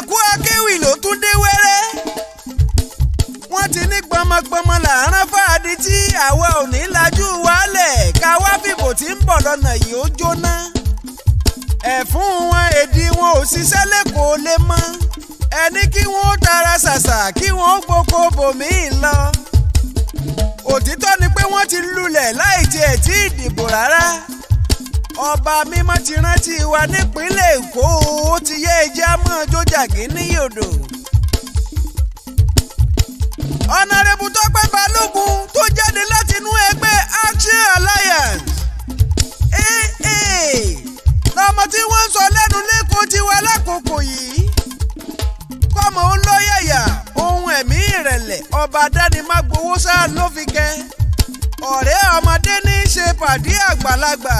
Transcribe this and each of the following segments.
àkú akéwì ló tún dé wẹ́rẹ́ wọ́n ti ní gbọmọgbọmọ làárán fáadì tí àwa ò ní lajú wálẹ̀ ká wá fìbò tí ń bọ̀ lọ́nà yìí ó jóná ẹ̀fún wọn èdè wọn ò ṣiṣẹ́ lẹ́kọ̀ọ́ lé mọ́ ẹni kí wọ́n tara ṣàṣà kí wọ́n gboko bòmíì lọ òtítọ́ ni pé wọ́n ti lulẹ̀ láì tiẹ̀ tí ì dìbò rárá ọba mímọ́ ti rántí wa nípínlẹ̀ èkó ó ti yé ẹja mọ́ jójàgé níyòdò. ọ̀nàrẹ́bù tọ́pẹ́ balógun tó jáde láti inú ẹgbẹ́ action alliance aa lọ́mọ tí wọ́n ń sọ lẹ́nu lẹ́kọ̀ọ́ tiwa lákòókò yìí kọ́mọ ó lọ́yàyà ohun ẹ̀mí ìrẹ̀lẹ̀ ọba dánimágbowó sáà ló fi kẹ́ ọ̀rẹ́ ọmọdé ní í ṣe pàdé àgbàlagbà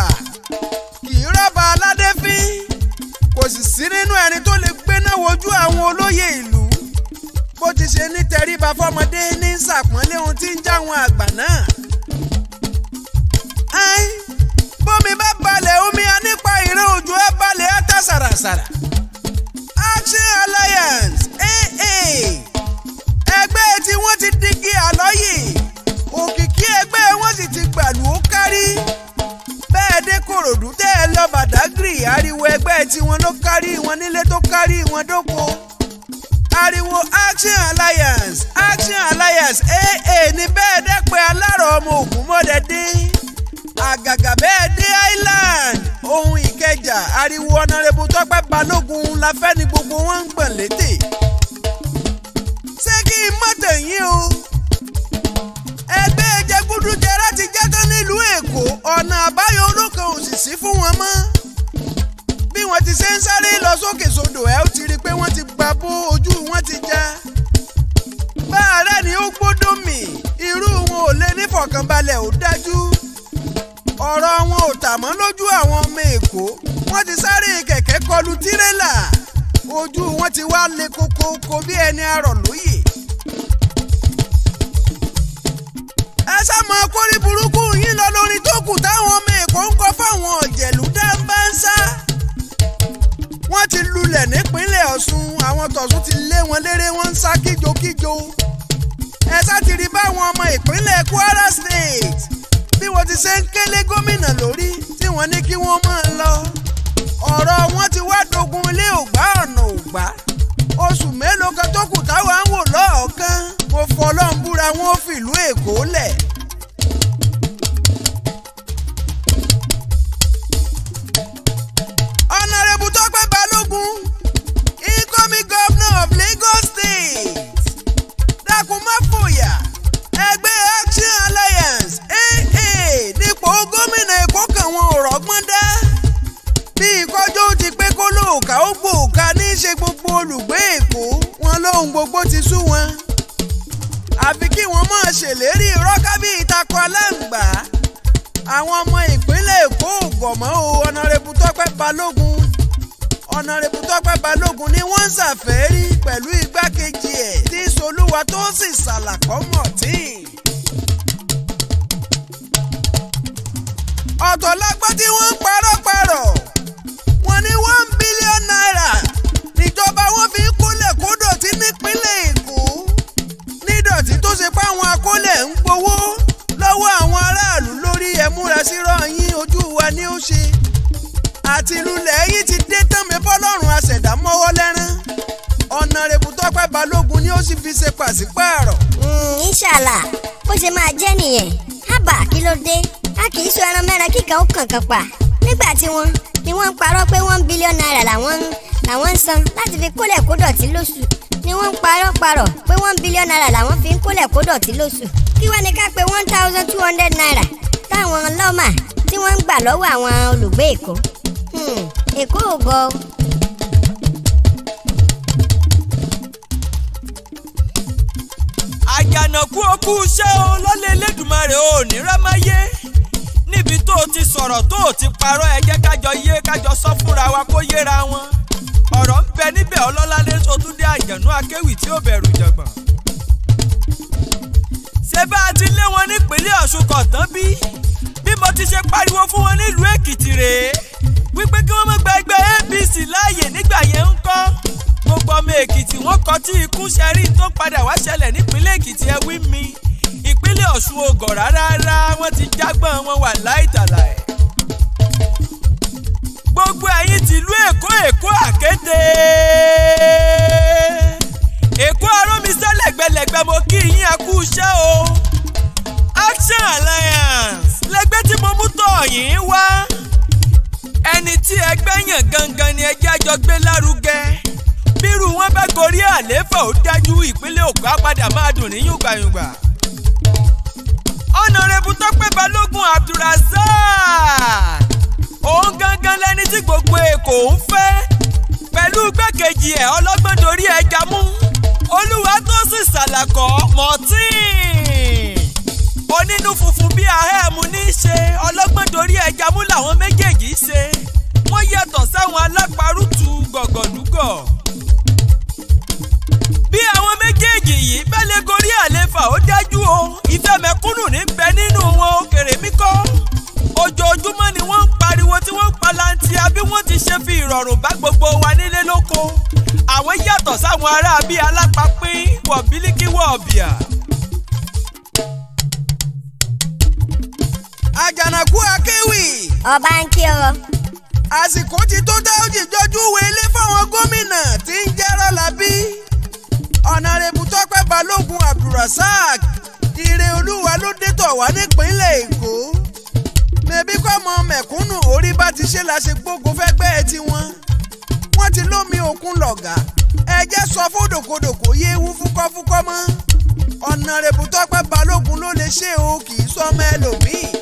kì í kò sì sí nínú ẹni tó lè gbéná wojú àwọn olóyè ìlú bó ti ṣe ní tẹríba fọmọdé ní sàpọ́nlé ohun tí ń jáwọn àgbà náà. ai bómi bá balẹ̀ omi a nípa ìran òjò á balẹ̀ á tà sàràsàrà. Action Alliance AA ẹgbẹ́ tí wọ́n ti di adékòròdú tẹ́ ẹ lọ bàdágìrì ariwo ẹgbẹ́ tiwọn ló kárí wọn nílé tó kárí wọn dóko ariwo action alliance action alliance aa ní bẹ́ẹ̀ dẹ́pẹ́ alárò ọmọ ògùn mọ́dẹ́dẹ́ àgàgà bẹ́ẹ̀ dé island ohun ìkẹjà ariwo ọ̀nàrẹ́bù tọ́pẹ́ balógun la fẹ́ ni gbogbo wọn ń gbọ̀n létè ṣé kí n mọ̀tẹ̀ yín o egudu jẹrẹ ti jẹ́ tán nílùú èkó ọ̀nà àbáyọ olókan òṣìṣì fún wọn mọ́ bí wọ́n ti ṣe ń sáré lọ sókè sódò ẹ ó ti rí i pé wọ́n ti gbà bó ojú wọn ti já báàrẹ̀ ni ó gbódò mì irú wọn ò lè nífọ̀kànbalẹ̀ ó dájú ọ̀rọ̀ wọn ò tà mọ́ lójú àwọn ọmọ èkó wọ́n ti sáré kẹ̀kẹ́ kọlu tírélà ojú wọn ti wá le koko ko bí ẹni arọ̀ lóye ẹ sáàmọ kórí burúkú yín lọ lórí tó kù táwọn ọmọ èkó ń kọ fáwọn ọ̀jẹ̀lú dáńbáńsá wọ́n ti lulẹ̀ nípínlẹ̀ ọ̀ṣun àwọn tọ̀ṣun ti lé wọn léré wọn ń sá kíjokíjo ẹ sá báwọn ọmọ ìpínlẹ̀ kwara state bí wọ́n ti ṣe ń kélé gómìnà lórí tí wọ́n ní kí wọ́n máa lọ ọ̀rọ̀ wọn ti wá dogun ilé ògbà ọ̀nà ògbà oṣù mélòó kan tó kù táwa ń wò lọ́ọ̀kan fọlọ́n búra wọn fìlú èkó lẹ̀. ọ̀nàrẹ́bù tọ́pẹ́ balógun incoming governor of Lagos state dákun má fòyà ẹgbẹ́ action alliance aa nípò gómìnà èkó kan wọn ò rọ́gbọ́n dá bí ìkọjọ́ ti pé kó lóòka ó gbòòka ní í ṣe gbogbo olùgbé èkó wọn lóhun gbogbo ti sú wọn àfi kí wọ́n máa ṣèlérí rọ́ká bí ìtakọ aláǹgbá àwọn ọmọ ìpínlẹ̀ èkó ògọ̀mọ́ o ọ̀nàrẹ́bù tọ́pẹ́ balógun ọ̀nàrẹ́bù tọ́pẹ́ balógun ni wọ́n ń ṣàfẹ́rí pẹ̀lú igbákejì ẹ̀ tí solúwa tó sì ṣàlàkọ́ mọ̀tíì. ọ̀tọ̀ lágbọ́n tí wọ́n ń parọ́ ṣe àti ìrúlẹ̀ yìí ti dé tán mi bọ́lọ́run àṣẹ̀dá mọ́wọ́ lẹ́rán ọ̀nàrẹ́bù tọ́pẹ́ balógun ni ó sì fi ṣe pàṣípààrọ̀. Hmm, inṣàlà bó ṣe máa jẹ́ nìyẹn hábà kí ló dé a kì í so ẹran mẹ́ran kíkan ó kànkan pa nígbà tí wọ́n ni wọ́n ń parọ́ pé one billion naira làwọn ń làwọn ń san láti fi kólẹ̀ kó dọ̀tí lóṣù ni wọ́n ń parọ́ parọ́ pé one billion naira làwọn fi ń kólẹ̀ kó dọ̀tí lóṣù kí wá ní ká pé one thousand two hundred naira táwọn lọ́mà tí wọ́n ń gbà lọ́wọ́ àwọn olùgbé èkó hmm, èkó ò gọ̀ o. àjànàkú okú iṣẹ́ o lọ́lẹ̀ Elédùmarè o ní rámáyé níbi tó o ti sọ̀rọ̀ tó o ti parọ́ ẹ jẹ́ kájọ yé kájọ sọ fúnra wa kó yéra wọn ọ̀rọ̀ ń bẹ níbẹ̀ ọlọ́lá lẹ́sọ̀túndé àjànú akéwì tí ó bẹ̀rù jọ̀gbọ̀n. àsukọ̀ tán bí bí mo ti ṣe pariwo fún wọn nílùú èkìtì rèé wípé kí wọ́n má gba ẹgbẹ́ apc láàyè nígbà yẹn ń kọ́ gbogbo ọmọ èkìtì wọn kọ tí ikú ṣẹrí tó padà wá ṣẹlẹ̀ nípínlẹ̀ èkìtì ẹ wí mi ìpínlẹ̀ ọ̀ṣun ògọ̀ rárá wọ́n ti jágbọ́n wọn wà láìtàlà ẹ̀ gbogbo ẹ̀yin tìlú èkó èkó àkété èkó arómi sẹ́lẹ̀gbẹ̀lẹ̀gbẹ̀ mo kí yín ẹ iṣẹ́ o. Christian Alliance lẹgbẹ́ tí mo mú tọ̀ yín wá ẹni tí ẹgbẹ́ yàn gangan ni ẹjẹ́ àjọ gbé lárugẹ bírú wọn bá gorí àlééfà ó dájú ìpínlẹ̀ Ògùn á padà máa dùn ní yùngbàyùngbà ọ̀nàrẹ́bù Tọ́pẹ́ Balógun Abdulrasaq òun gangan lẹni tí gbogbo Èkó ń fẹ́ pẹ̀lú gbẹ́kejì ẹ̀ ọlọ́gbọ́n dorí ẹja mú olúwa tó sì ṣàlàkọ́ mọ́tíìn onínú funfun bí ahẹ́ẹ̀mù ní í ṣe ọlọ́gbọ́n dorí ẹja mú làwọn méjèèjì ṣe wọ́n yàtọ̀ sáwọn alápárùtù gọ̀gọ̀dúgọ̀. bí àwọn méjèèjì yìí bẹ́lẹ̀ gorí àlefa ó dájú o ìfẹ́mẹ̀kúnnù ní bẹ nínú wọn òkèrè mi kọ́ ojoojúmọ́ ni wọ́n ń pariwo tí wọ́n ń palantia bí wọ́n ti ṣe fi ìrọ̀rùn bá gbogbo wa nílé lóko àwọn yàtọ̀ sáwọn ará bíi alápapín wọ̀bílíkí wọ̀bìà. àjànàkú akéwì. ọba ń kí ọ. àsìkò ti tó tá ó ti jọjú wo ilé fáwọn gómìnà tí ń jẹ́ Rọ́lábí. ọ̀nàrẹ́bù tọ́pẹ́ balógun abdulrasaq ire olúwa ló dé tọ̀ wá nípínlẹ̀ èkó. mẹ̀bí kọ́ mọ mẹ̀kúnnù orí bá ti ṣe la ṣe gbógun fẹ́gbẹ́ ẹ tiwọn. wọ́n ti lómi òkun lọ̀gà ẹ sọ fún dòkodòkò yéé fúkọ́fúkọ́ mọ́ ọ̀nàrẹ́bù tọ́pẹ́ balógun ló lè ṣe o kì í sọmọ ẹlòmíì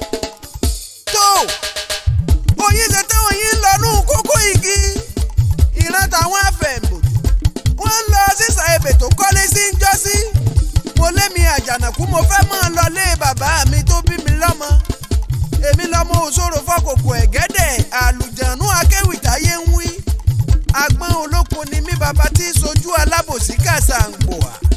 oyin ṣe táwọn yìí ń lọ nú kókó igi ìran táwọn afẹ́mọ̀jù wọ́n ń lọ sísà ebè tó kọ́lé sí ń jọ́ sí mo lémi àjànàkú mo fẹ́ mọ́ ọ lọ lé bàbá mi tó bí mi lọ́mọ èmi lọ́mọ òṣòro fọkòkò ẹ̀gẹ́dẹ̀ àlùjànú akéwìtáyé ń wí agbọ́n olókun ni mi bàbá tí ń sojú alábòsí kàṣà ń gbòà.